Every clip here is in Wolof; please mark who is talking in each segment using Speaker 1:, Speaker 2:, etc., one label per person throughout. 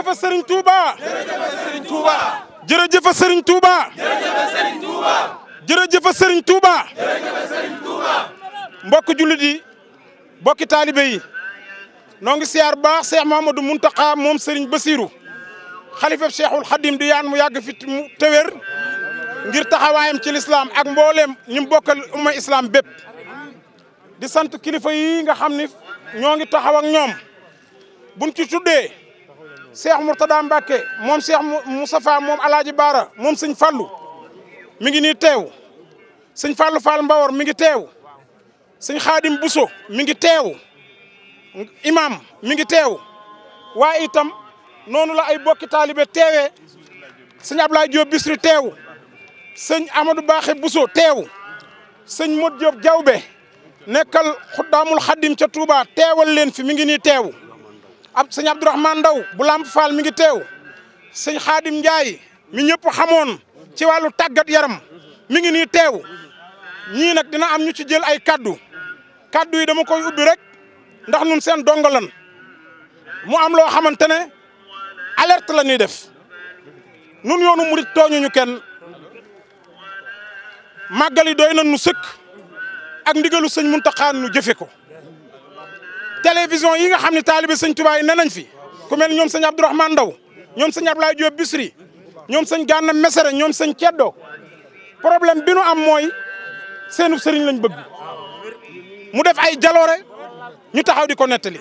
Speaker 1: jërëjëf Serigne Touba. jërëjëf sëriñ Touba. jërëjëf Serigne Touba.
Speaker 2: jërëjëf
Speaker 1: mbokk jullit yi bokki taalibe ngi siyaar baax Cheikh Mahamadou Mountakha moom Serigne Bassirou xalifab Cheikhul Khadim di yaan mu yàgg fi mu tëwër ngir taxawaayam ci lislaam ak mbooleem ñu bokkal umma islam bépp di sant kilifa yi nga xam ni ñoo ngi taxaw ak ñoom buñ ci tuddee Cheikh Mourtada Mbacke moom Cheikh Moustapha moom Alaaji Baara moom sëñ Fallou mi ngi nii teew sëñ Fallou Fall Mbawor mi ngi teew sëñ Xaadim Bousso mi ngi teew imam mi ngi teew waaye itam noonu la ay bokki taalibe teewee sëñ Ablaye Diop Bisri teew sëñ Amadou Baaxe Bousso teew sëñ Modou Diop Jawbe nekkal xuddaamul xaddim ca Touba teewal leen fi mi ngi nii teew ab sëñ Ndaw bu Lamp Fall mi ngi teew sëñ Xaadim njaay mi ñëpp xamoon ci wàllu tàggat yaram mi ngi nii teew ñii nag dina am ñu ci jël ay kaddu kaddu yi dama koy ubbi rek ndax nun seen dongalan mu am loo xamante ne alerte la ñuy def nun yoonu murit tooñuñu kenn màggal yi doy na nu sëkk ak ndigalu sëñ Muntaxa nu jëfe ko télévision yi nga xam ne taalibe sëñ Tuubaa yi ne nañ fi ku mel ñoom sëñ Abdourahmane Ndaw ñoom sëñ Ablaye Diop Bisri ñoom sëñ Gànna Mesere ñoom sëñ Ceddo problème bi nu am mooy seenu sëriñ lañ bëgg mu def ay jaloore ñu taxaw di ko nettali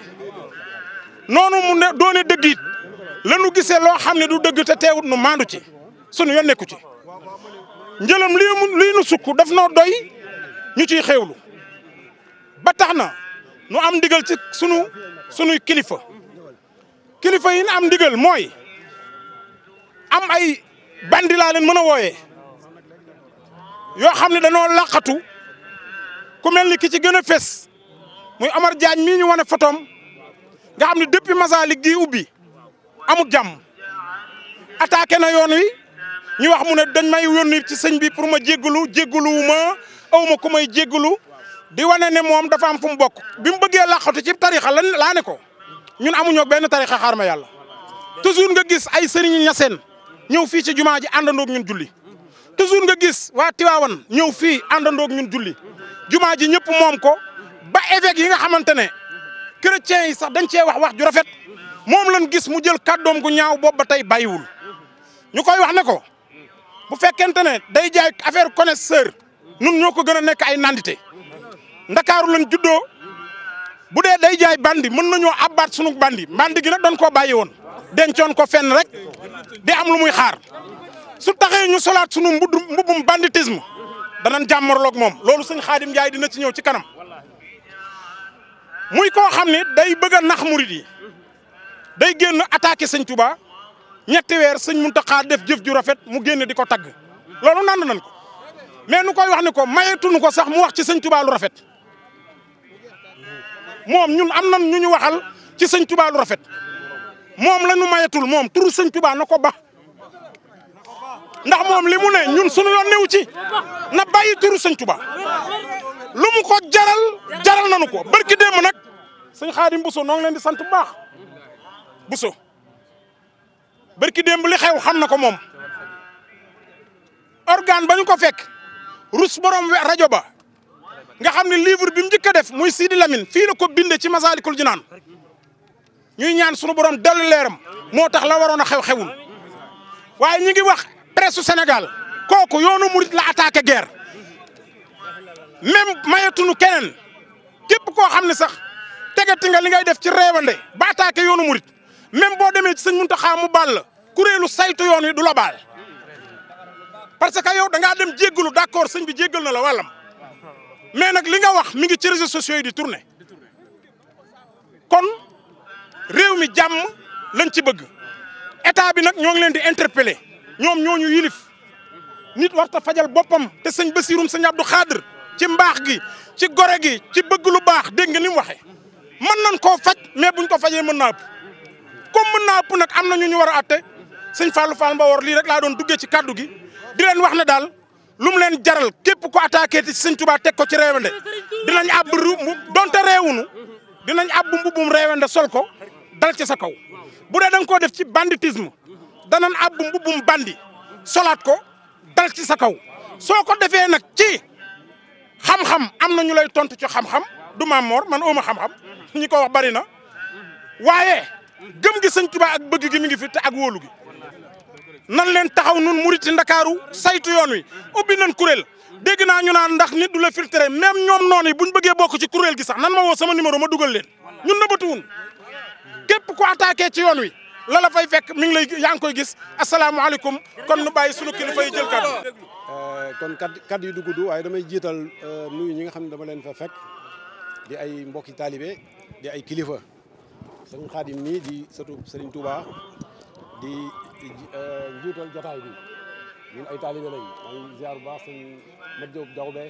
Speaker 1: noonu mu ne doone dëgg it la nu gisee loo xam ne du dëgg te teewut nu maandu ci sunu yoon nekku ci njëlam lii mu lii nu sukk daf noo doy ñu ciy xewlu ba tax na nu am ndigal ci sunu sunuy kilifa kilifa yi nu am ndigal mooy am ay bandi laa leen mën a wooyee yoo xam ne dañoo làqatu ku mel ni ki ci gën a fes muy Omar Diagne mi ñu wane fotoom ga xam ne depuis Masalik gi ubbi amul jàmm attaqué na yoon wi ñu wax mu ne dañ may yónni ci sëñ bi pour ma jéggalu jéggaluwu ma aw ma ku may jéggalu di wane ne moom dafa am fu mu bokk bi mu bëggee làqatu ci tarixa lan laa ne ko ñun amuñoo benn tarixa xaar ma yàlla toujours nga gis ay sëriñ ñaseen ñëw fii ci jumaa ji àndandoog ñun julli toujours nga gis waa Tiwaawan ñëw fii àndandoog ñun julli jumaa ji ñëpp moom ko ba évêque yi nga xamante ne chrétiens yi sax dañ cee wax wax ju rafet moom lañ gis mu jël kàddoom gu ñaaw boobu ba tey bàyyiwul ñu koy wax ne ko bu fekkente ne day jaay affaire connaisseur nun ñoo ko gën a nekk ay nandite ndakaaru lañ juddoo bu dee day jaay bandi mën nañoo abbaat sunu bandi bandi gi nag dañ koo bàyyi woon dencoon ko fenn rek di am lu muy xaar su taxee ñu solaat sunu mbudd mbubbum dana danañ jàmmarloog moom loolu suñ xaadim Njaay dina ci ñëw ci kanam muy ko xam ne day bëgg a nax murit yi day génn attaqué sëñ Tuubaa ñetti weer sëñ Muntaxa def jëf ju rafet mu génn di ko tagg loolu nand nañ ko mais nu koy wax ni ko mayeetuñu ko sax mu wax ci sëñ Tuubaa lu rafet moom ñun am nan ñu ñu waxal ci sëñ Tuubaa lu rafet moom la ñu moom turu sëñ Tuubaa na ko ba ndax moom li mu ne ñun suñu yoon newu ci na bàyyi turu sëñ Tuubaa lu mu ko jaral jaral nañu ko barki démb nag sëñ Xaadim Bousso noo ngi leen di sant bu baax Bousso barki démb li xew xam na ko moom organe ba ñu ko fekk rus borom rajo ba nga xam ne livre bi mu njëkk a def muy Sidi Lamine fii la ko binde ci Masaalikul Jinaan ñuy ñaan sunu borom dellu leeram moo tax la waroon a xew xewul waaye ñi ngi wax presse senegal kooku yoonu murit la attaqué guerre même mayatunu keneen képp koo xam ne sax ti nga li ngay def ci réewande ba attaqué yoonu murit même boo demee ci sëñ Muntaxa mu baal la kuréelu saytu yoon wi du la baal parce que yow da ngaa dem jéggalu d'accord sëñ bi jéggal na la wàllam mais nag li nga wax mi ngi ci réseaux sociaux yi di tourner kon réew mi jàmm lañ ci bëgg état bi nag ñoo ngi leen di interpeller ñoom ñoo ñu yilif nit war ta fajal boppam te sëñ Basirum sëñ Abdou Khadr ci mbaax gi ci gore gi ci bëgg lu baax dégg nga ni mu waxee mën nañ koo faj mais buñ ko fajee mën naa ëpp comme mën naa ëpp nag am na ñu ñu war a atte sëñ Fallou Fall Mbawor lii rek laa doon duggee ci kaddu gi di leen wax na daal. lu mu leen jaral képp ko attaqué ci Sëñ Tuubaa teg ko ci réewande dinañ àbb ru donte réewunu dinañ àbb mbubbum réewande sol ko dal ci sa kaw bu de da nga koo def ci banditisme danañ àbb mbubbum bandi solaat ko dal ci sa kaw soo ko defee nag ci xam-xam am na ñu lay tontu ci xam-xam du maam Mor man ooma xam-xam ñi ko wax bari na waaye gëm gi Sëñ Tuubaa ak bëgg gi mi ngi fi te ak wóolu gi nan leen taxaw nun mu ci ndakaaru saytu yoon wi ubbi nan kuréel dégg naa ñu naan ndax nit du la filtré même ñoom noonu yi ñu bëggee bokk ci kuréel gi sax nan ma woo sama numéro ma dugal leen ñun nëbbatuwun képp ku attaqué ci yoon wi la la fay fekk mi ngi lay yaa ngi koy gis asalaamaaleykum kon nu bàyyi sunu kilifa
Speaker 3: yi jël kàddu.
Speaker 4: Euh, kon kàddu yi du gudd waaye damay jiital euh, nuyu ñi nga xam ne dama leen fa fekk di ay mbokki taalibe di ay kilifa sëriñ Xaadim nii di Euh, njiital jotaay bi ñun ay taalibe lañ maa ngi ziar baax sëñ Mat Diop Diawbe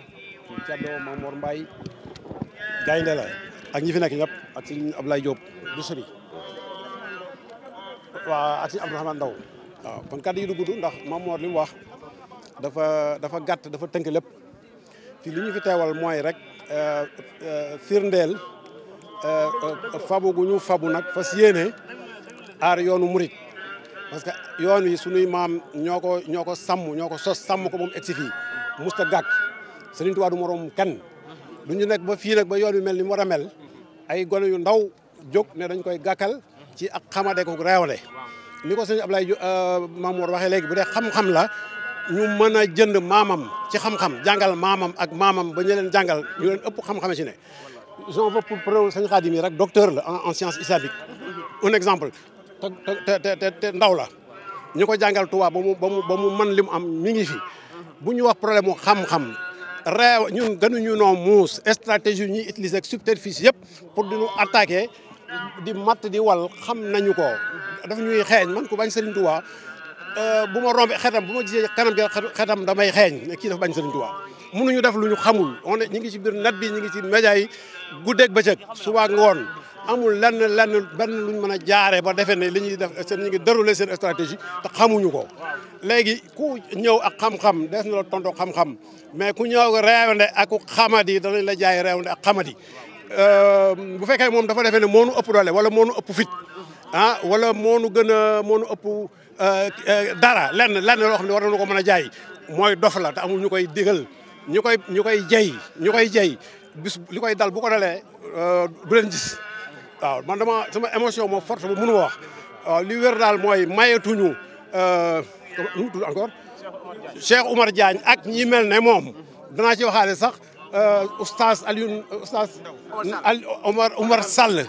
Speaker 4: sëñ Thierno Mamour Mbaye gaynde la ak ñi fi nekk ñëpp ak sëñ Ablaye Diop du sëri waaw ak sëñ Abdourahmane Ndaw kon kàddu yi du gudd ndax Mamour li mu wax dafa dafa gàtt dafa tënk lépp fii li ñu teewal mooy rek euh, euh, firndeel fabu gu ñu fabu nag fas yéene aar yoonu murit parce que yoon wi suñuy maam ñoo ko ñoo ko sàmm ñoo ko sos sàmm ko moom egsi fii musta gàkk Sëriñ Tuubaa du moroom kenn lu ñu nekk ba fii nag ba yoon wi mel ni mu war mel ay gone yu ndaw jóg ne dañ koy gàkkal ci ak xamade ko réewale ni ko sëñ Ablaye euh, Mamour waxee léegi bu dee xam-xam la ñu mën a jënd maamam ci xam-xam jàngal maamam ak maamam ba ñu leen jàngal ñu leen ëpp xam-xame ci ne j'en veux pour preuve sëñ Xaadim rek docteur la en science islamique un exemple te te ndaw la ñu ko jàngal tubaa ba mu ba mu ba mu mën li mu am mi ngi fi bu ñu wax problème mu xam-xam réew ñun ñu noo muus stratégie ñuy utiliser ak subterfuge yëpp pour di ñu attaquer di matt di wal xam nañu ko daf ñuy xeeñ man ku bañ Serigne Touba euh, bu ma rombee xetam bu ma gisee kanam gi xetam damay xeeñ kii dafa bañ Serigne Touba ñu def lu ñu xamul on est ñu ngi ci biir net bi ñu ngi ci média yi guddeeg bëccëg suba ngoon amul lenn lenn benn luñ mën a jaaree ba defe ne li ñuy def seen ñu ngi déroulé seen stratégie te xamuñu ko léegi ku ñëw ak xam des na la tontu mais ku ñëw reewnde ak xamadi danañ la jaay reewnde ak xamadi euh, bu fekkee moom dafa defee ne moo nu wala moo nu ëpp fit ah wala moo nu gën a moo nu ëpp euh, euh, dara lenn lenn loo xam ne war nañu ko mën a jaay mooy dof amul ñu koy digal ñu koy ñu koy jey ñu koy jey bis li koy dal bu ko dalee du leen gis waaw man dama sama émotion moom forte ba mënu ma wax li wér daal mooy mayetuñu euh, nu mu tudd encore Cheikh Oumar jaañ ak ñi mel ne moom danaa ci waxaale sax euh, oustaz Alioune oustaz al Omar Omar Sall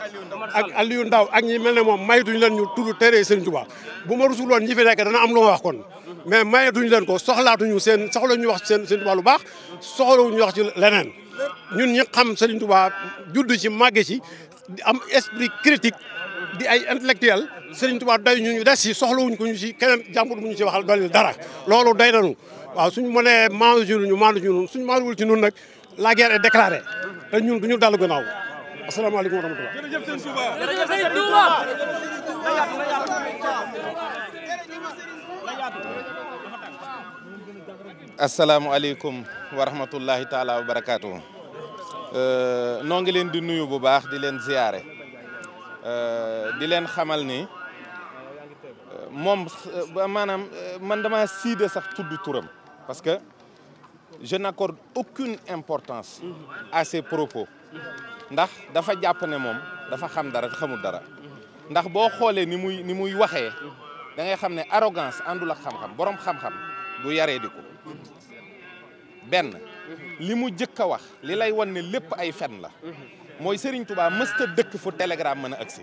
Speaker 4: ak Aliou Ndaw ak ñi mel ne moom mayetuñu leen ñu tudd tere Serigne Touba bu ma rusul woon ñi fi nekk dana am lu ma wax kon mais mayetuñu leen ko soxlaatuñu seen soxla ñu wax seen Serigne Touba lu baax soxlawuñu wax ci leneen ñun ñi xam Serigne Touba judd ci màgge ci di am esprit critique di ay intellectuel Serigne Touba doy ñu ñu des si soxlawuñ ko ñu si keneen jàmbur mu ñu si waxal dolli dara loolu doy nañu waaw suñu mënee maandu ci ñu maandu ci ñun suñu ci ñun nag la guerre est déclarée te ñun du ñu dalu gannaaw asalaamaaleykum
Speaker 2: wa rahmatulah. jërëjëf taala wa barakaatu. Euh, noo ngi leen di nuyu bu baax di leen ziyaare euh, di leen xamal ni euh, moom maanaam man dama siide sax tudd turam parce que je n'accorde aucune importance à ses propos ndax dafa jàpp ne moom dafa xam dara xamul dara ndax boo xoolee ni muy ni muy waxee da ngay xam ne arrogance àndul ak xam-xam boroom xam-xam du yaree di ko benn li mu jëkk a wax li lay wan ne lépp ay fen la mooy Serigne Touba mësta dëkk fu télégramme mën a agsi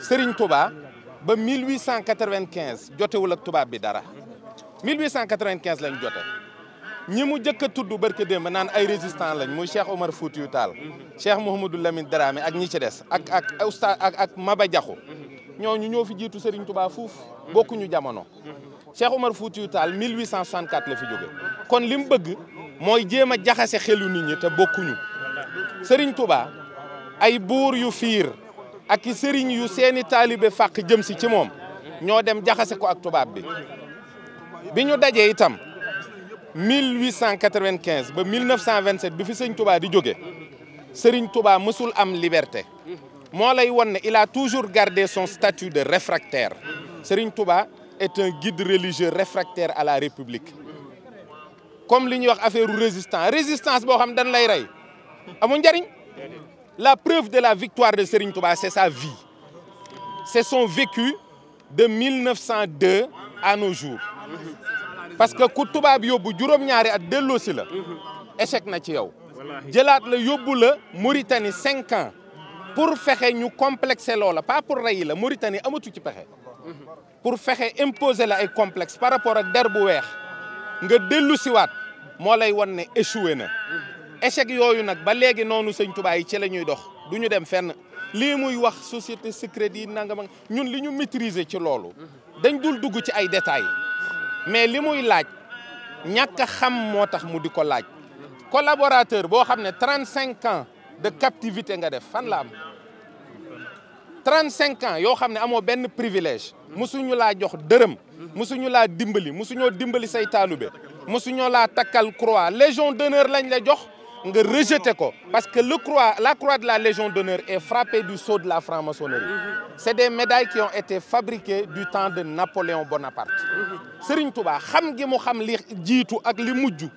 Speaker 2: Serigne Touba ba 1895 jotewul ak tubaab bi dara 1895 lañ jote ñi mu jëkk a tudd barke démb naan ay résistant lañ muy Cheikh Omar Foutiyou Tall Cheikh Mouhamadou Lamine Dramé ak ñi ci des ak ak oustaz ak ak Maba Diakhou ñooñu ñoo fi jiitu Serigne Touba fuuf bokkuñu jamono Cheikh Omar Foutiyou Tall 1864 la fi jóge kon li mu bëgg mooy jéem a jaxase xelu nit ñi te bokkuñu sëriñ Touba ay buur yu fiir ak i sëriñ yu seeni taalibe fàq jëm si ci moom ñoo dem jaxase ko ak tubaab bi bi ñu dajee itam 1895 ba 1927 bi fi sëñ Touba di jóge sëriñ Touba mësul am liberté moo lay won ne il a toujours gardé son statut de réfractaire sëriñ Touba est un guide religieux réfractaire à la République comme li ñuy wax affaire résistance résistance boo xam dañ lay rey amul njariñ la preuve de la victoire de Serigne Touba c'est sa vie c'est son vécu de 1902 à nos jours parce que ku tubaab yóbbu juróom-ñaari at delloosi la échec na ci yow jëlaat la yóbbu la Mauritanie cinq ans pour fexe ñu complexer loola pas pour rey la Mauritanie amatu ci pexe pour fexe imposer la ay complexe par rapport ak der bu weex nga dellu siwaat moo lay wan ne échoué na échec yooyu nag ba léegi noonu sëñ Tuubaa yi ci la ñuy dox du ñu dem fenn lii muy wax société secrète yi nanga ma ñun li ñu maîtriser ci loolu dañ dul dugg ci ay détails mais li muy laaj ñàkk xam moo tax mu di ko laaj collaborateur boo xam ne trente cinq ans de captivité nga def fan la am trente cinq ans yoo xam ne amoo benn privilège musuñu laa jox dërëm musuñu laa dimbali musuñoo dimbali say taalube musuñoo laa takkal croix légion d'honneur lañ la jox nga rejeté ko parce que le croix la croix de la légion d'honneur est frappée du sceau de la franc-maçonnerie c'est des médailles qui ont été fabriquées du temps de Napoléon Bonaparte Serigne Touba xam gi mu xam li jiitu ak li mujj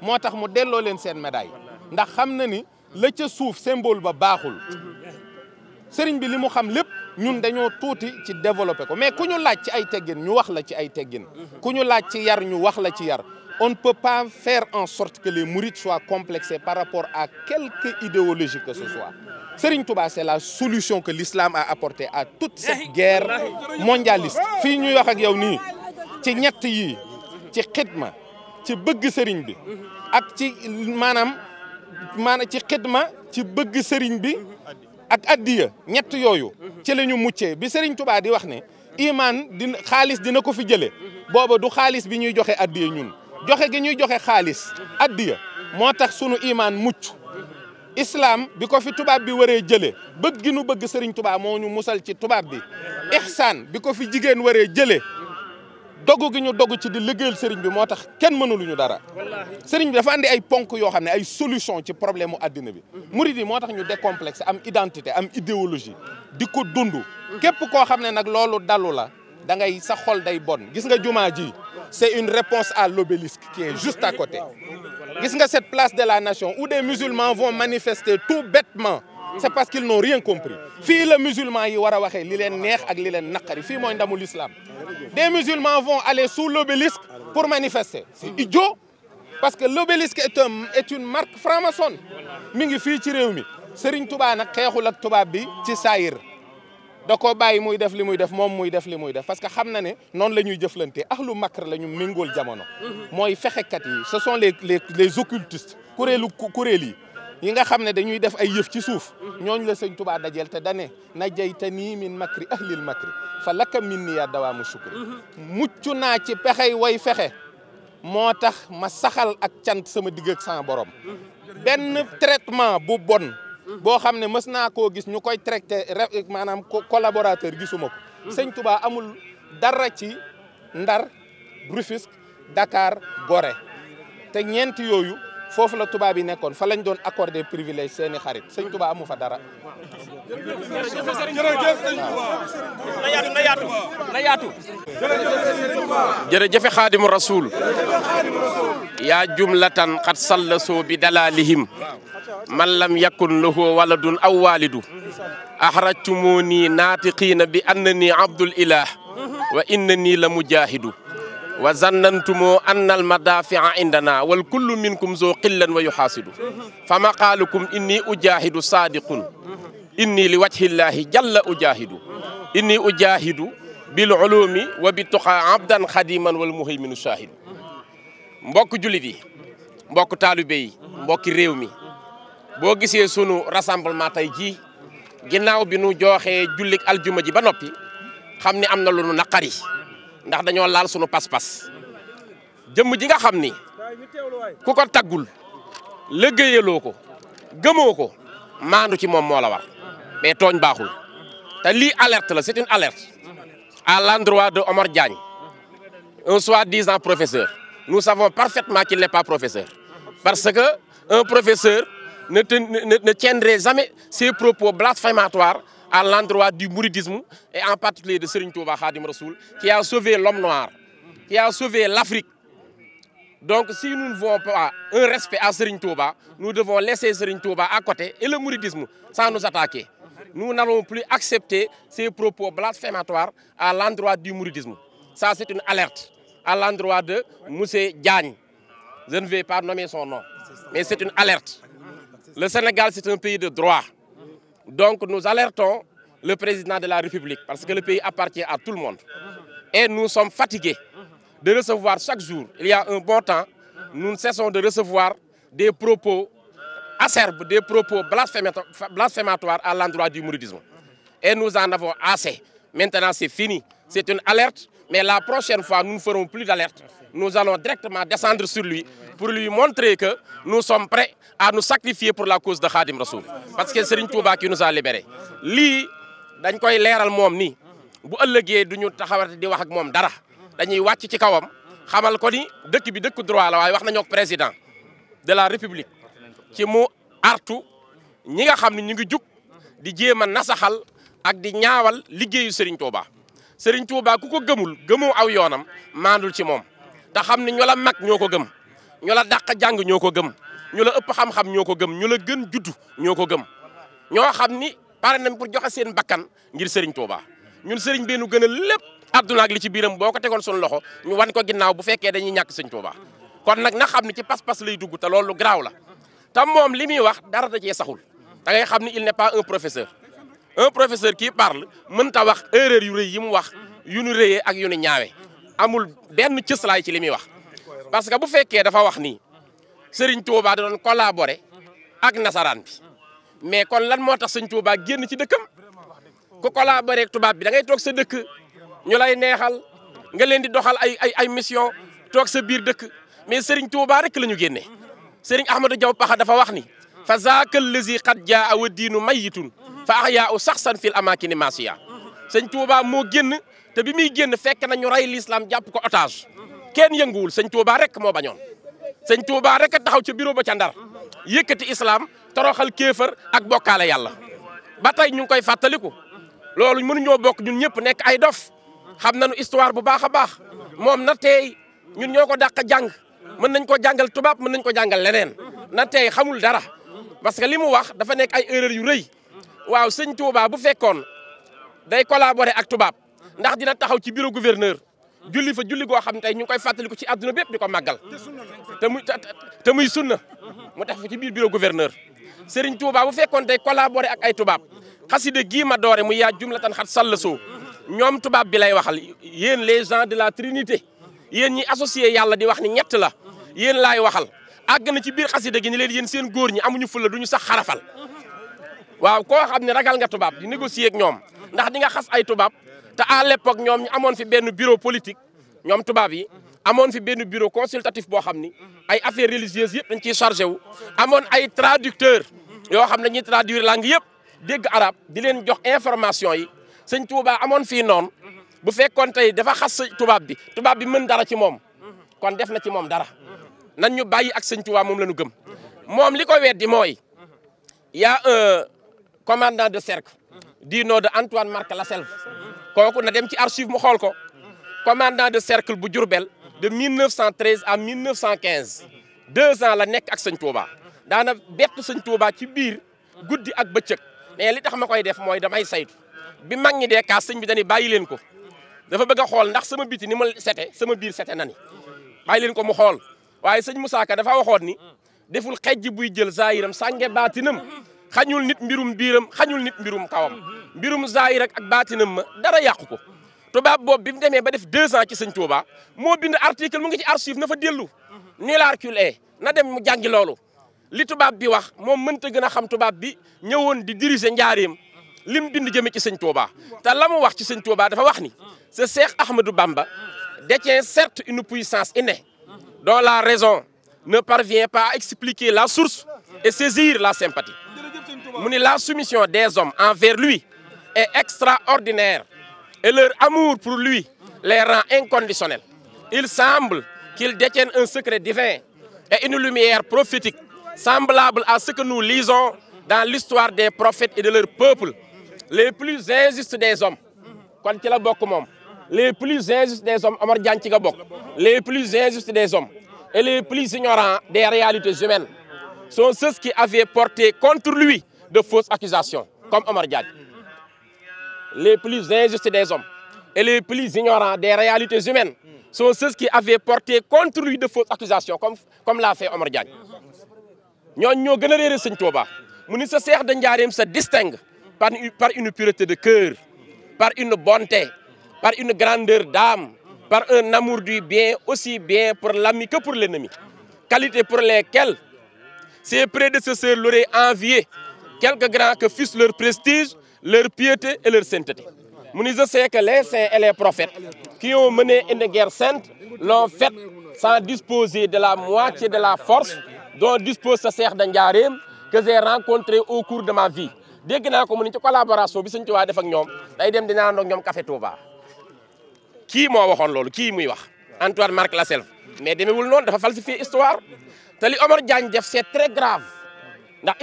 Speaker 2: moo tax mu delloo leen seen médaille ndax xam na ni la ca suuf symbole ba baaxul sëriñ bi li mu xam lépp ñun dañoo tuuti ci développé ko mais ku ñu laaj ci ay teggin ñu wax la ci ay teggin ku ñu laaj ci yar ñu wax la ci yar on ne peut pas faire en sorte que les mourides soient complexés par rapport à quelque idéologie que ce soit Serigne Touba c'est la solution que l'islam a apportée à toute cette guerre mondialiste fii ñuy wax ak yow nii ci ñett yii ci xidma ci bëgg sëriñ bi ak ci maanaam maanaam ci xidma ci bëgg sëriñ bi ak addiya ñett yooyu mhm. ci la muccee bi Serigne Touba di wax ne iimaan di xaalis dina ko fi jëlee mhm. booba du xaalis bi ñuy joxe addiya ñun joxe gi ñuy joxe xaalis addiya moo tax sunu imaan mucc islam bi ko fi tubaab bi waree jëlee bëgg gi nu bëgg Serigne Touba moo ñu musal ci tubaab bi ihsaan bi ko fi jigéen waree jëlee dogu gi ñu dogu ci di liggéeyal sëriñ bi moo tax kenn ñu dara sëriñ bi dafa andi ay ponk yoo xam ne ay solution ci problème mu àddina bi muri yi moo tax ñu décomplexe am identité am idéologie di ko dund képp koo xam ne nag loolu dalu la da ngay sa xol day bon gis nga jumaa ji c'est une réponse à l'obélisque qui est juste à côté gis nga cette place de la nation où des musulmans vont manifester tout bêtement c'est parce qu'ils n'ont rien compris fii la musulman yi war a waxee li leen neex ak li leen naqari fii mooy ndamu l'islam des musulmans vont aller sous l'obélisque pour manifester c'est idiot parce que l'obélisque est une marque franc-maçonne mi ngi fii ci réew mi Serigne Touba nag xeexul ak tubaab bi ci sayr da koo bàyyi muy def li muy def moom muy def li muy def parce que xam na ne noonu la ñuy jëflante ahlu makr la ñu méngool jamono mooy fexekat yi ce sont les les les occultistes kuréelu kuréel yi yi nga xam ne dañuy def ay yëf ci suuf ñooñu la sëñ Tuubaa dajeel te dane najaytanii min makri ahlil makri fa laka min niya dawaamu shukri mucc naa ci pexey way fexe moo tax ma saxal ak cant sama digg ak sama borom benn traitement bu bon boo xam ne mës naa koo gis ñu koy traité maanaam collaborateur gisuma ko sëñ Tuubaa amul dara ci Ndar Rufisque dakaar Gorée te ñeent yooyu foofu la tubaab yi nekkoon fa lañ doon accordé privilège seeni xarit sëñ Tuubaa amu fa dara.
Speaker 5: na yaatu na yaatu.
Speaker 2: jërëjëf xaadimu rasuul.
Speaker 6: yaa jumlatan xat sallasoo bi dalaalihim man lam yakun lahu waladun aw waalidu axrajtumuni naatiqiina bi annani abdul ilah wa innani la mujaahidu wa zannantumoo anna al madafia indana wal kullu minkum zo qillan wa yuhaasidu fa maqaalukum inni ujaahidu saadiqun inni li wajhillaahi jalla ujaahidu inni ujaahidu bil ulumi wa bi tuqaa abdan xadiman wal muhayminu shaahidu mbokk jullit yi mbokk taalibe yi mbokki réew mi boo gisee sunu rassemblement tey jii ginnaaw bi nu jooxee jullik aljuma ji ba noppi xam ni am na lu nu naqari ndax dañoo laal sunu pas-pas jëmm ji nga xam ni ku ko taggul liggéeyaloo ko gëmoo ko maandu ci moom moo la war mais tooñ baaxul te lii alerte la c'est une alerte à l'endroit de Omar Diagne un soi-disant professeur nous savons parfaitement qu'il n'est pas professeur parce que un professeur ne, te, ne, ne tiendrait jamais ses propos blasphématoires à l'endroit du mouridisme et en particulier de Serigne Touba Khadim Rasoul qui a sauvé l'homme noir, qui a sauvé l'Afrique. Donc si nous ne voulons pas un respect à Serigne Touba, nous devons laisser Serigne Touba à côté et le mouridisme sans nous attaquer. Nous n'allons plus accepter ces propos blasphématoires à l'endroit du mouridisme. Ça, c'est une alerte à l'endroit de Moussé Diagne. Je ne vais pas nommer son nom, mais c'est une alerte. Le Sénégal, c'est un pays de droit. Donc nous alertons le président de la République parce que le pays appartient à tout le monde. Et nous sommes fatigués de recevoir chaque jour, il y a un bon temps, nous ne cessons de recevoir des propos acerbes, des propos blasphématoires à l'endroit du mouridisme. Et nous en avons assez. Maintenant, c'est fini. C'est une alerte Mais la prochaine fois, nous ne ferons plus d'alerte. Nous allons directement descendre sur lui pour lui montrer que nous sommes prêts à nous sacrifier pour la cause de Khadim Rassoul. Parce que Serigne Touba qui nous a libérés. lii dañ koy leeral moom nii bu ëllëgee du ñu taxawate di wax ak moom dara dañuy wàcc ci kawam xamal ko ni dëkk bi dëkk droit la waaye wax nañoo ak président de la république ci mu artu ñi nga xam ne ñu ngi jug di jéem a nasaxal ak di ñaawal liggéeyu Serigne Touba. Serigne Touba ku ko gëmul gëmoo aw yoonam maandul ci moom te xam ni ñu la mag ñoo ko gëm ñu la dàq jàng ñoo ko gëm ñu la ëpp xam-xam ñoo ko gëm ñu la gën juddu ñoo ko gëm ñoo xam ni pare na pour joxe seen bakkan ngir Serigne Touba ñun Serigne bee nu gën a lépp àdduna li ci biiram boo ko tegoon suñu loxo ñu wan ko ginnaaw bu fekkee dañuy ñàkk Serigne Touba kon nag na xam ni ci pas-pas lay dugg te loolu lu garaaw la te moom li muy wax dara da cee saxul da ngay xam ni il n'est pas un professeur. un professeur qui parle mënta wax erreur yu rëy yi mu wax yu nu rëyee ak yu nu ñaawe amul benn cëslaay ci li muy wax parce que bu fekkee dafa wax nii Serigne Touba da doon collaborer ak nasaraan bi mais kon lan moo tax sëñ Touba génn ci dëkkam ku collaborer ak tubaab bi dangay toog sa dëkk ñu lay neexal nga leen di doxal ay ay ay mission toog sa biir dëkk mais Serigne Touba rek la ñu génnee Serigne Ahmadou Diaw Paxa dafa wax ni. fa zaaka allazi qad jaa wa diinu mayitun fa ahyaau saxsan fil amaakini maasiya sëñ Touba moo génn te bi muy génn fekk nañu rey lislaam jàpp ko otage kenn yënguwul sëñ Touba rek moo bañoon sëñ Touba rek a taxaw ca bureau ba ca ndar yëkkati islaam toroxal kéefër ak bokkaale yàlla ba tey ñu ngi koy fàttaliku loolu mënuñoo bokk ñun ñëpp nekk ay dof xam na nañu histoire bu baax a baax moom na tey ñun ñoo ko dàq jàng mën nañ ko jàngal tubaab mën nañ ko jàngal leneen na tey xamul dara parce que li mu wax dafa nekk ay erreur yu rëy waaw sëñ Touba bu fekkoon day collaborer ak tubaab ndax dina taxaw ci bureau gouverneur julli fa julli goo xam ne tey ñu ngi koy fàttaliku ci àdduna bépp di ko màggal te muy te muy sunna mu tax fa ci biir bureau gouverneur Serigne Touba bu fekkoon day collaborer ak ay tubaab xaside gii ma doore mu yaa jumlatan xat sall soo ñoom tubaab bi lay waxal yéen les gens de la Trinité yéen ñi associé yàlla di wax ni ñett la yéen laay waxal àgg na ci biir xasida gi ni leen yéen seen góor ñi amuñu fulla duñu sax xarafal waaw koo xam ne ragal nga tubaab di négocier ak ñoom ndax di nga xas ay tubaab te à l'époque ñoom ñu amoon fi benn bureau politique ñoom tubaab yi amoon fi benn bureau consultatif boo xam ni ay affaires religieuses yëpp dañ ciy chargé wu amoon ay traducteur yoo xam ne ñuy traduire langue yëpp dégg arab di leen jox information yi sëñ Touba amoon fi noonu bu fekkoon tey dafa xas tubaab bi tubaab bi mën dara ci moom kon def na ci moom dara nan ñu bàyyi ak sëñ Tuubaa moom la ñu gëm moom li ko weddi mooy y a commandant de cercle du nom de Antoine Marc Lasselve kooku na dem ci archive mu xool ko commandant de cercle bu Diourbel de 1913 à 1915 deux ans la nekk ak sëñ Tuubaa daana bettu sëñ Tuubaa ci biir guddi ak bëccëg mais li tax ma koy def mooy damay saytu bi mag ñi dee kaas sëñ bi dañuy bàyyi leen ko dafa bëgg a xool ndax sama biti ni ma sete sama biir sete na ni bàyyi leen ko mu xool waaye sëñ Moussa Ka dafa waxoon ni deful xejj buy jël zaayiram sànge baatinam xañul nit mbirum biiram xañul nit mbirum kawam mbirum zaayir ak baatinam ma dara yàqu ko tubaab boob bi mu demee ba def deux ans ci sëñ Touba moo bind article mu ngi ci archive na fa dellu nilarcule e na dem mu jàngi loolu li tubaab bi wax moom mënta gën a xam tubaab bi ñëwoon di diriger njaareem li bind jëme ci sëñ Touba te la mu wax ci sëñ Touba dafa wax ni ce Cheikh Ahmadou Bamba détient certes une puissance innée dont la raison ne parvient pas à expliquer la source et saisir la sympathie mu la soumission des hommes envers lui est extraordinaire et leur amour pour lui les rend inconditionnels il semble qu'ils détiennent un secret divin et une lumière prophétique semblable à ce que nous lisons dans l'histoire des prophètes et de leur peuple les plus injustes des hommes kon ci la bokk moom les plus injustes des hommes Omar Diagne ci nga bokk les plus injustes des hommes et les plus ignorants des réalités humaines sont ceux qui avaient porté contre lui de fausses accusations comme Omar Diagne les plus injustes des hommes et les plus ignorants des réalités humaines soo ceux qui avaient porté contre lui de fausses accusations comme comme l'a fait Omar Diagne ñooñu ñoo gën a réere sëñ mu ni sa seex de njaareem sa distingue par une pureté de cœur par une bonté par une grandeur d'âme, par un amour du bien, aussi bien pour l'ami que pour l'ennemi. qualité pour lesquelles ses prédécesseurs l'auraient envié, quelque grand que fussent leur prestige, leur piété et leur sainteté. Mais je sais que les saints et les prophètes qui ont mené une guerre sainte l'ont faite sans disposer de la moitié de la force dont dispose ce cerf d'Angarem que j'ai rencontré au cours de ma vie. dégg naa ko mu ni ci collaboration bi Sëñ Tuubaa def ak ñoom day dem di naandoo ñoom café Touba kii moo waxoon loolu kii muy wax Antoine la Lasselve mais demewul noonu dafa falsifier histoire te li Omar Diagne def c'est très grave ndax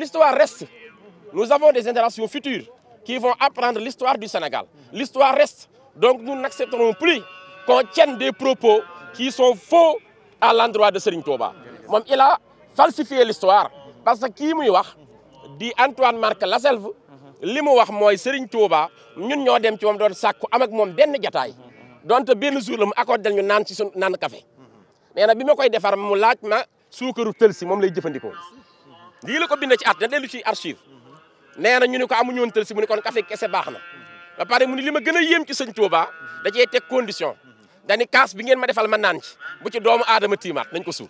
Speaker 6: l'histoire reste nous avons des générations futures qui vont apprendre l'histoire du Sénégal l'histoire reste donc nous n'accepterons plus qu'on tienne des propos qui sont faux à l'endroit de Serigne Touba moom il a falsifié l'histoire parce que kii muy wax di Antoine Marc Lasselve li mu wax mooy Serigne Touba ñun ñoo dem ci moom doon sàkku am moom benn jataay donte benn jour la mu accordé ñu naan ci suñ naan kafe nee na bi ma koy defar mu laaj ma suukaru tël si moom lay jëfandikoo lii la ko bind ci at na dellu ci archive nee na ñu ni ko amu woon tël si mu ni kon café kese baax na ba pare mu li ma gën a yéem ci sëñ Touba da cee teg condition dani kaas bi ngeen ma defal ma naan ci bu ci doomu aadama tiimaat nañ ko suul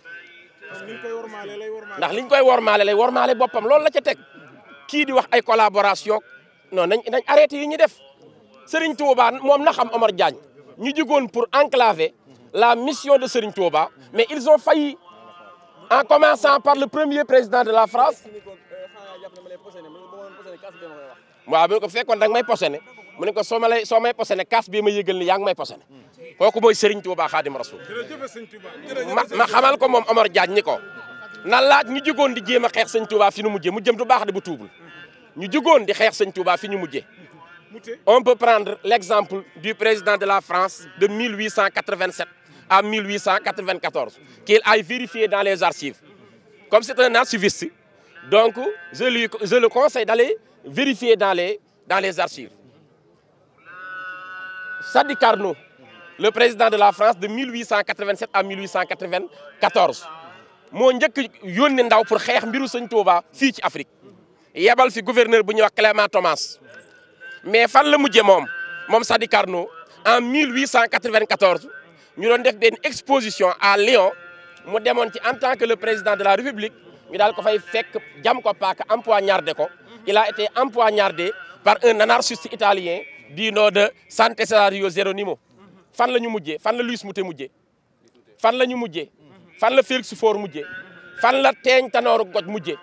Speaker 6: ndax liñ koy wormaale lay wormaale boppam loolu la ca teg kii di wax ay collaboration non nañ nañ arrêté yi ñu def Serigne Touba moom na xam Omar Diagne ñu jigoon pour enclaver la mission de Serigne Touba mais ils ont failli en commençant par le premier président de la France waaw bu ko fekkoon da nga may posone mu ne ko soo ma lay soo kaas bii ma ni yaa ngi may posone kooku mooy Serigne Touba Khadim Rasoul ma xamal ko moom Omar Diagne ni ko nan laaj ñu jugoon di jéem a xeex sëñ Touba fi ñu mujjee mu jëm du baax de bu tuubul ñu jugoon di xeex sëñ Touba fi ñu mujjee on peut prendre l'exemple du président de la France de 1887 à 1894 qu'il aille vérifier dans les archives comme c'est un archiviste donc je lui je le conseille d'aller vérifier dans les dans les archives Sadi Carnot le président de la France de 1887 à moo njëkk yónni ndaw pour xeex mbiru sañ Touba fii ci Afrique yebal fi gouverneur bu ñuy wax Clément Thomas mais fan la mujje moom moom Sadi Carnot en 1894 ñu doon def benn exposition à Lyon mu demoon ci en tant que le président de la République ñu daal ko fay fekk jam ko paaka empoignardé ko il a été empoignardé par un anarchiste italien du nom de Sant'Esario Geronimo fan la ñu mujjee fan la Luis Mute mujjee fan la ñu mujjee fan la Félix foor mujje fan la teeñ tanooru goj mujje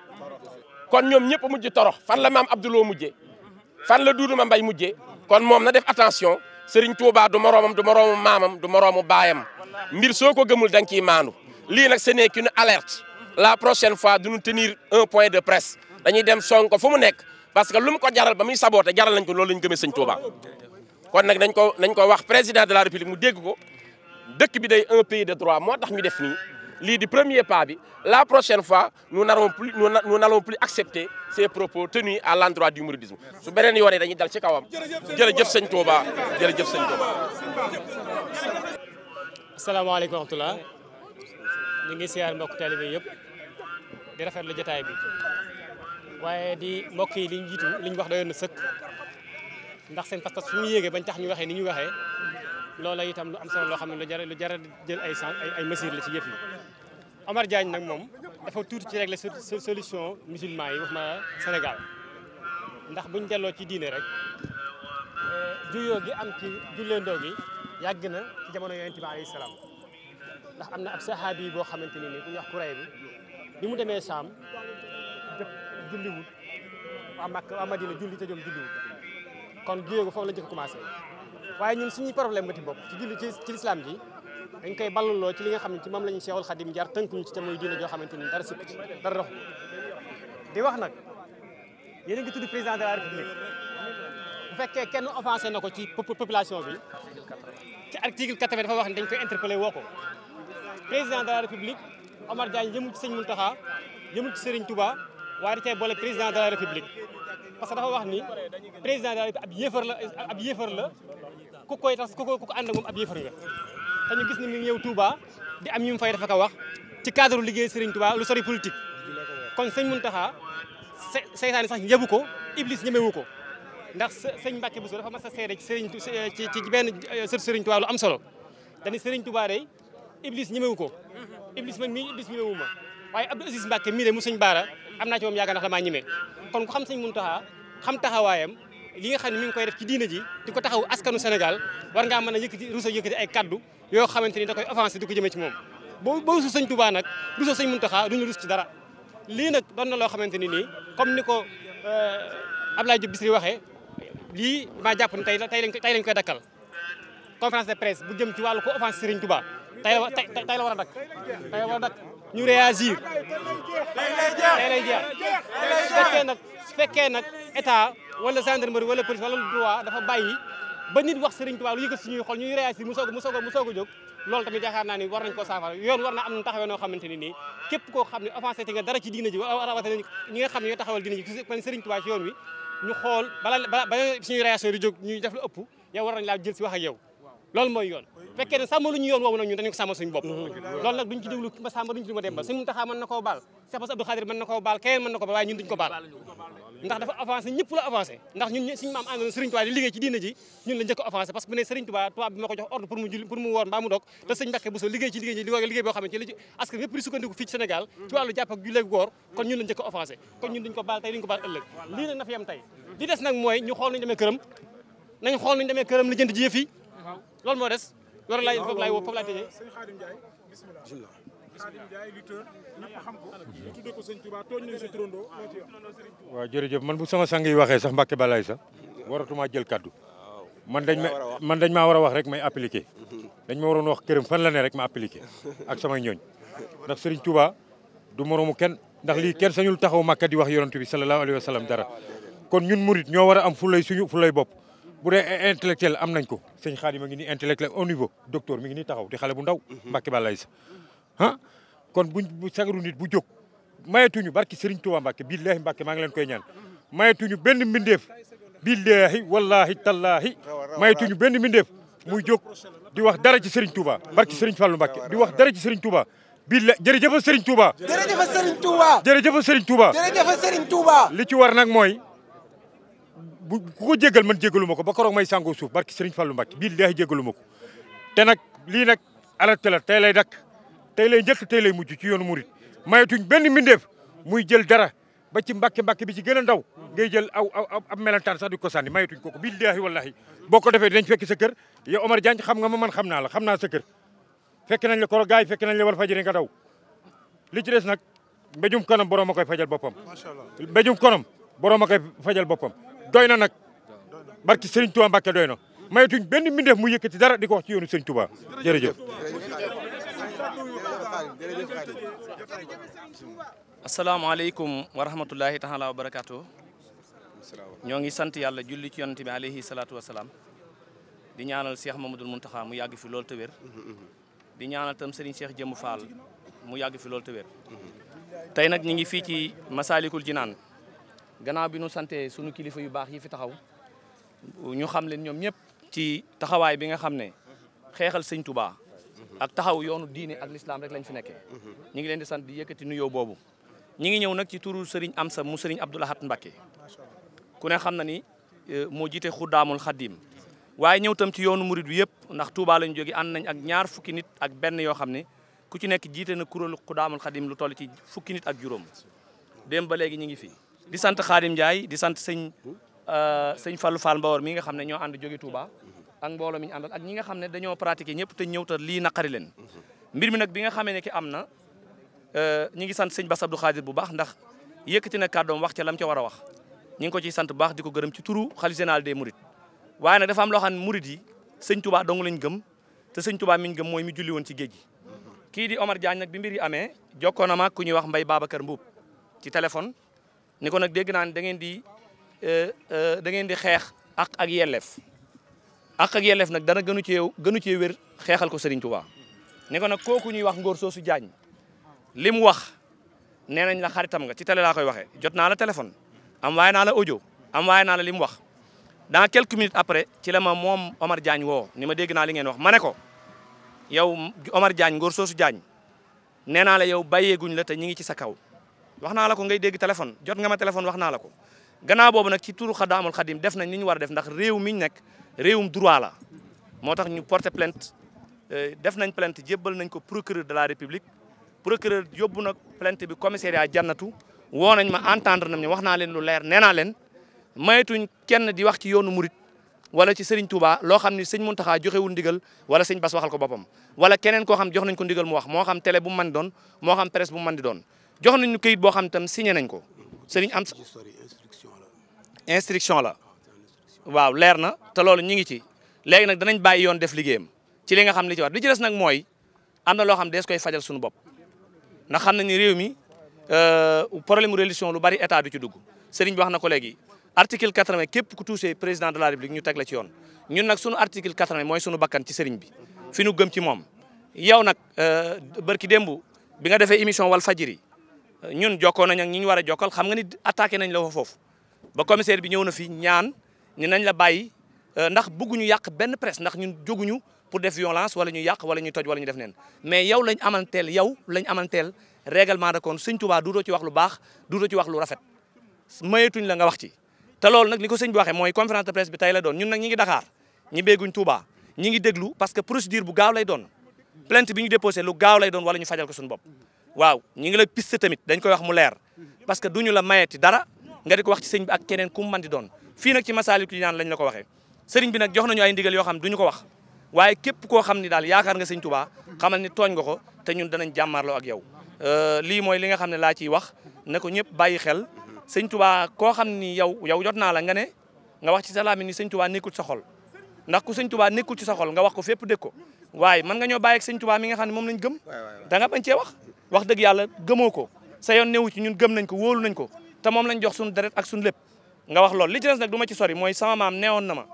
Speaker 6: kon ñoom ñëpp mujj torox fan la maam Abdoulou mujje fan la Dudu ma Mbay mujje kon moom na def attention Serigne Touba du moroomam du moroomu maamam du moroomu baayam mbir soo ko gëmul da nga ciy maandu lii nag ce n'est qu'une alerte la prochaine fois duñu tenir un point de presse dañuy dem song ko fu mu nekk parce que lu mu ko jaral ba muy saboote jaral nañ ko loolu lañ gëmee Sëñ kon nag nañ ko nañ ko wax président de la république mu dégg ko dëkk bi day un pays de droit moo tax ñu def nii lii di premier pas bi la prochaine fois nous n'allons plus nous n'allons plus accepter ces propos tenus à l'endroit du mouridisme su beneen yoonee dañuy dal ci kawam jërëjëf sëñ Touba jërëjëf sëñ Touba.
Speaker 7: asalaamaaleykum wa rahmatulah ñu ngi siyaar mbokk taalibe yëpp di rafetlu jataay bi waaye di mbokk yi liñ jiitu liñ wax doyoon na sëkk ndax seen pas-pas fu ñu yéegee bañ tax ñu waxee ni ñu waxee loola itam lu am solo loo xam ne lu jar lu jar jël ay ay mesures la ci yëf Omar Diagne nag moom dafa tuuti ci régler solution musulman yi wax ma senegal ndax buñ delloo ci diine rek euh, juyoo gi am ci julleendoo gi yàgg na ci jamono yonent bi alayhi ndax am na ab sahaabi boo xamante ni ni ku ñuy wax mu demee Saam def julliwut waa Makka waa Madina julli te ñoom julliwut kon juyoo gi foofu la jëkk commencé waaye ñun suñuy problème nga ci bopp ci julli ci lislaam ji dañ koy balluloo ci li nga xam ne ci moom lañuy ñu seexul xadim jar tënkuñu ci te muy diine joo xamante ni dara sikk ci dara dox di wax nag yéen a ngi tudd président de la république bu fekkee kenn offensé na ko ci population bi ci article 80 dafa wax ne dañ koy interpellé woo ko président de la république Omar Diagne yëmul ci sëñ Muntaxa yëmul ci Serigne Touba waaye da cee boole président de la république parce que dafa wax ni président de la république ab yéefar la ab yéefar la ko koy tax ko ànd ak moom ab yéefar nga te ñu gis ni mi ngi ñëw Touba di am ñu mu fay dafa ko wax ci cadre liggéey Serigne Touba lu sori politique. kon sëñ Mountakha seytaane sax yëbu ko Iblis ñemewu ko ndax sëñ Mbacke Bousso dafa mas a seede ci Serigne ci ci benn euh, sër Serigne Touba lu am solo dañuy Serigne Touba day Iblis ñemewu ko Iblis man mii Iblis ñemewu ma waaye Abdou Aziz Mbacke mii mu sëñ Baara am naa ci moom yaakaar ndax damaa ñeme kon ku xam sëñ Mountakha xam taxawaayam. li nga xam ne mi ngi koy def ci diina ji di ko taxaw askanu Sénégal war ngaa mën a yëkkati ruusa yëkkati ay kaddu yoo xamante ni da koy offensé di ko jëmee ci moom boo boo rusu sëñ Touba nag rusoo sëñ Muntaxa duñu rus ci dara lii nag doon na loo xamante ni nii comme ni ko euh, Abdoulaye Diop Bichri waxee lii maa jàpp tey la tey lañ koy tey lañ koy dakkal conférence de presse bu jëm ci wàllu ko offense Serigne Touba tey la tey la war a dakk tey la war a dakk ñu réagir
Speaker 1: tey lay jeex su fekkee
Speaker 7: nag su fekkee nag état wala gendarmerie wala police wala droit dafa bàyyi ba nit wax Serigne Touba lu yëkkat suñuy xol ñuy réagir mu soog mu soog mu soog a jóg loolu tamit yaakaar naa ni war nañ ko saafara yoon war naa am nu taxawee noo xamante ni nii képp koo xam ne offensé ti nga dara ci diina ji rawatina ñi nga xam ne ñoo taxawal diina ji man Serigne Touba ci yoon wi ñu xool bala bala suñuy réaction di jóg ñuy def lu ëpp yow war nañ laa jël si wax ak yow loolu mooy yoon fekkee ne sàmm lu ñu yoon woowu nag ñun dañu ko sàmmal suñu bopp loolu nag duñ ci déglu ma baal Cheikh Bass na koo baal keneen mën na ko baal ndax dafa avancé ñëpp la avancé ndax ñun maam àndoon Serigne Touba di liggéey ci diina ji ñun la parce que ne Serigne Touba Touba fii ci ci wàllu jàpp ak julleeg góor kon ñun la njëkk a kon ñun duñ ko baal tey duñ ko baal ëllëg lii nag na tey li des nag mooy ñu xool nañu demee këram nañ xool nañu demee këram loolu laay foofu laay woo foofu laay
Speaker 3: man bu sama sang waxee sax Mbàkke Balaay sax waratuma jël kaddu. man dañ ma man dañ maa war a wax rek may appliqué. dañ ma waroon wax këram fan la ne rek ma appliqué ak samay ñooñ ndax Sëriñ Tuubaa du moroomu kenn ndax lii kenn sañul taxaw Makka di wax yonent bi sallallahu alayhi wa dara kon ñun murit ñoo war a am fulay suñu lay bopp bu dee intellectuel am nañ ko sëñ Xaadim a ngi nii intellectuel au niveau doctor mi ngi nii taxaw di xale bu ndaw. Mbacke Balaye sa ah kon buñ bu sagaru nit bu jóg mayetuñu barki Serigne Touba Mbacke billahi Mbacke maa ngi leen koy ñaan mayetuñu benn mbindeef billahi wallahi tallahi mayetuñu benn mbindeef muy jóg di wax dara ci Serigne Touba barki Serigne Fallou Mbacke di wax dara ci Serigne Touba. billa jërëjëf Serigne Touba. jërëjëf Serigne Touba. li ci war nag mooy. bu ku ko jégal man jégalu ma ko ba koroog may sàngoo suuf barki Serigne Fallou Mbacke bii lay jégalu ma ko te nag lii nag alerte la tey lay dakk tey lay njëkk tey lay mujj ci yoonu murit mayetuñ benn mbindeef muy jël dara ba ci mbàkke mbàkke bi ci gën a ndaw ngay jël aw aw ab melantaan sax di ko ko ko kooku billaahi wallahi boo ko defee dinañ fekk sa kër yow Omar Diagne xam nga man xam naa la xam naa sa kër fekk nañ la koro gaay fekk nañ la wal fajiri nga daw li ci des nag mbéjum kanam borom a koy fajal boppam mbéjum kanam borom a koy fajal boppam doy na nag barki sëriñ Touba Mbacke doy na mayatuñ benn mbindeef mu yëkkati dara di ko wax ci yoonu Serigne Touba jërëjëf.
Speaker 5: asalaamaaleykum wa rahmatulahi taala wa barakaatu. ñoo ngi sant yàlla julli ci yonent bi alayhi salaatu wa salaam di ñaanal Cheikh Mamadou Mountakha mu yàgg fi loolu te wér. di ñaanal tam Serigne Cheikh Jëmmu Fall mu yàgg fi loolu te wér. tey nag ñu ngi fii ci Masalikul Jinaan ganaaw bi nu sante suñu kilifa yu baax yi fi taxaw ñu xam leen ñoom ñëpp ci taxawaay bi nga xam ne xeexal sëñ Touba ak taxaw yoonu diine ak lislaam rek lañu fi nekkee ñu ngi leen di sant di yëkkati nuyoo boobu ñi ngi ñëw nag ci turu Serigne Amsa mu Serigne Abdou Lahad Mbacké ku ne xam na ni e, moo jiite xuddaamul xaddiim waaye ñëw tam ci yoonu murid bi yëpp ndax Touba lañ jóge ànd nañ ak ñaar fukki nit ak benn yoo xam ne ku ci nekk jiite na kuréelu xuddaamul xaddiim lu toll ci fukki nit ak juróom dem léegi ñu ngi fi di sant Khadim Ndiaye di sant sëñ euh, sëñ Fallou Fall Mbawar mi nga xam ne ñoo ànd jóge Touba ak mbooloo mi ñu àndal ak ñi nga xam ne dañoo pratiquer ñëpp te ñëw te lii naqari leen mbir mi nag bi nga xamee ne ki am na euh, ñi ngi sant sëñ Bass Abdou Khadir bu baax ndax yëkkati na kàddoom wax ca lam ca war a wax ñi ngi ko ciy sant bu baax di ko gërëm ci turu xalifa général des Mourides waaye nag dafa am loo xam ne Mouride yi sëñ Touba dong lañ gëm te sëñ Touba mi ñu gëm mooy mi julli woon ci géej gi kii di Omar Diagne bi mbir yi amee jokkoo na ma ku ñuy wax Mbaye Babacar Mbuub ci téléphone ni nag dégg naa ne da ngeen di eh, eh, da ngeen di xeex ak ak yelleef ak ak nag dana gënu cee gënu cee wér xeexal ko Serigne Touba. ni ko nag kooku ñuy wax Ngor Soosu Jaañ li mu wax nee nañ la xaritam nga ci télé koy waxee jot naa la téléphone am waaye naa la audio am waaye naa la li mu wax. dans quelques minutes après ci la ma moom Omar Diagne woo ni ma dégg naa li ngeen wax ma ne ko yow Omar Diagne Ngor Soosu Jaañ nee naa la yow bàyyeeguñ la te ñi ngi ci sa kaw. wax naa la ko ngay dégg téléphone jot nga ma téléphone wax naa la ko gannaaw boobu nag ci turu xadaamul xadim def nañ li ñu war a def ndax réew mi ñu nekk réewum droit la moo tax ñu porté plainte euh, def nañ plainte jébbal nañ ko procureur de la république procureur yóbbu na plainte bi commissariat jannatu woo nañ ma entendre nañ wax naa leen lu leer nee naa leen maytuñ kenn di wax ci yoonu murit wala ci Serigne Touba loo xam ni sëñ Mountakha joxewul ndigal wala sëñ Bass waxal ko boppam wala keneen koo xam jox nañ ko ndigal mu wax moo xam télé bu mu doon moo xam presse bu di doon jox nañu kayit boo xam tam signé nañ ko sëriñ am instruction la waaw leer na te loolu ñu ngi ci léegi nag danañ bàyyi yoon def liggéeyam ci li nga xam ne ci war li ci nag mooy am na loo xam dees koy fajal suñu bopp ndax xam na ni réew mi euh, problème religion lu bari état du ci dugg sëriñ bi wax na ko léegi article 80 képp ku touché président de la république ñu teg la ci yoon ñun nag sunu article 80 mooy sunu bakkan ci sëriñ bi fi nu gëm ci moom yow nag euh, barki démb bi nga defee émission wal fajiri ñun jokkoo nañ ak ñi ñu war a jokkal xam nga ni attaqué nañ la fa foofu ba commissaire bi ñëw na fi ñaan ni nañ la bàyyi euh, ndax bëgguñu yàq benn presse ndax ñun jóguñu pour def violence wala ñu yàq wala ñu toj wala ñu def neen mais yow lañ amanteel yow lañ amanteel règlement de compte sëñ Tuubaa duutoo ci wax lu baax duutoo ci wax lu rafet mayetuñ la nga wax ci te loolu nag li ko sëñ bi waxee mooy conférence de presse bi tey la doon ñun nag ñi ngi Dakar ñi béeguñ Touba ngi déglu parce que procédure bu gaaw lay doon plainte bi ñu déposé lu gaaw lay doon wala ñu fajal ko suñu bopp waaw ñu ngi la piste tamit dañ koy wax mu leer parce que du ñu la mayeti dara nga di ko wax ci sëñ bi ak keneen ku mu di doon fii nag ci Masaalikul Jinaan lañ la ko waxee sëriñ bi nag jox nañu ay ndigal yoo xam duñu ko wax waaye képp koo xam ni daal yaakaar nga sëñ Tuubaa xamal ni tooñ nga ko te ñun danañ jàmmaarloo ak yow euh, lii mooy li nga xam ne laa ciy wax na ko ñëpp bàyyi xel sëñ Tuubaa koo xam ni yow yow jot naa la nga ne nga wax ci sa làmmiñ ni sëñ Tuubaa nekkul sa xol ndax ku sëñ Tuubaa nekkul ci sa xol nga wax ko fépp dégg ko waaye mën nga ñoo bàyyi ak sëñ mi nga xam ne moom lañ gëm da nga bañ cee wax wax dëgg yàlla gëmoo ko sa yoon newu ci ñun gëm nañ ko wóolu nañ ko te moom lañ jox suñu deret ak suñu lépp nga wax loolu li ci des nag du ma ci sori mooy sama maam neewoon na ma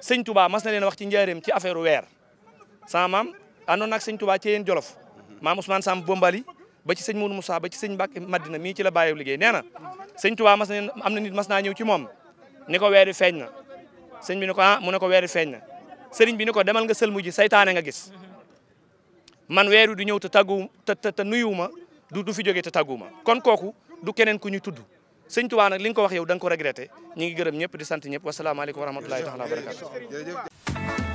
Speaker 5: sëñ Touba mas na leen wax ci njaareem ci affaire weer sama maam àndoon ak sëñ Touba ci yéen Jolof maam Ousmane Samb Bombali ba ci sëñ Mourou Moussa ba ci sëñ Mbacke Madina mii ci la bàyyi liggéey nee na sëñ Touba mas am na nit mas naa ñëw ci moom ni ko weeri feeñ na sëñ bi ni ko ah, mu ne ko weeri feeñ na sëriñ bi ni ko demal nga sëlmu ji saytaane nga gis man weer wi du ñëw ta tàgguwu te te nuyuwu ma du du fi jógee ta tàgguwu kon kooku du keneen ku ñu tudd sëñ Tuubaa nag li nga ko wax yow da nga ko regretté ñu ngi gërëm ñëpp di sant ñëpp wasalaamaaleykum wa rahmatulahi taala wa barakatu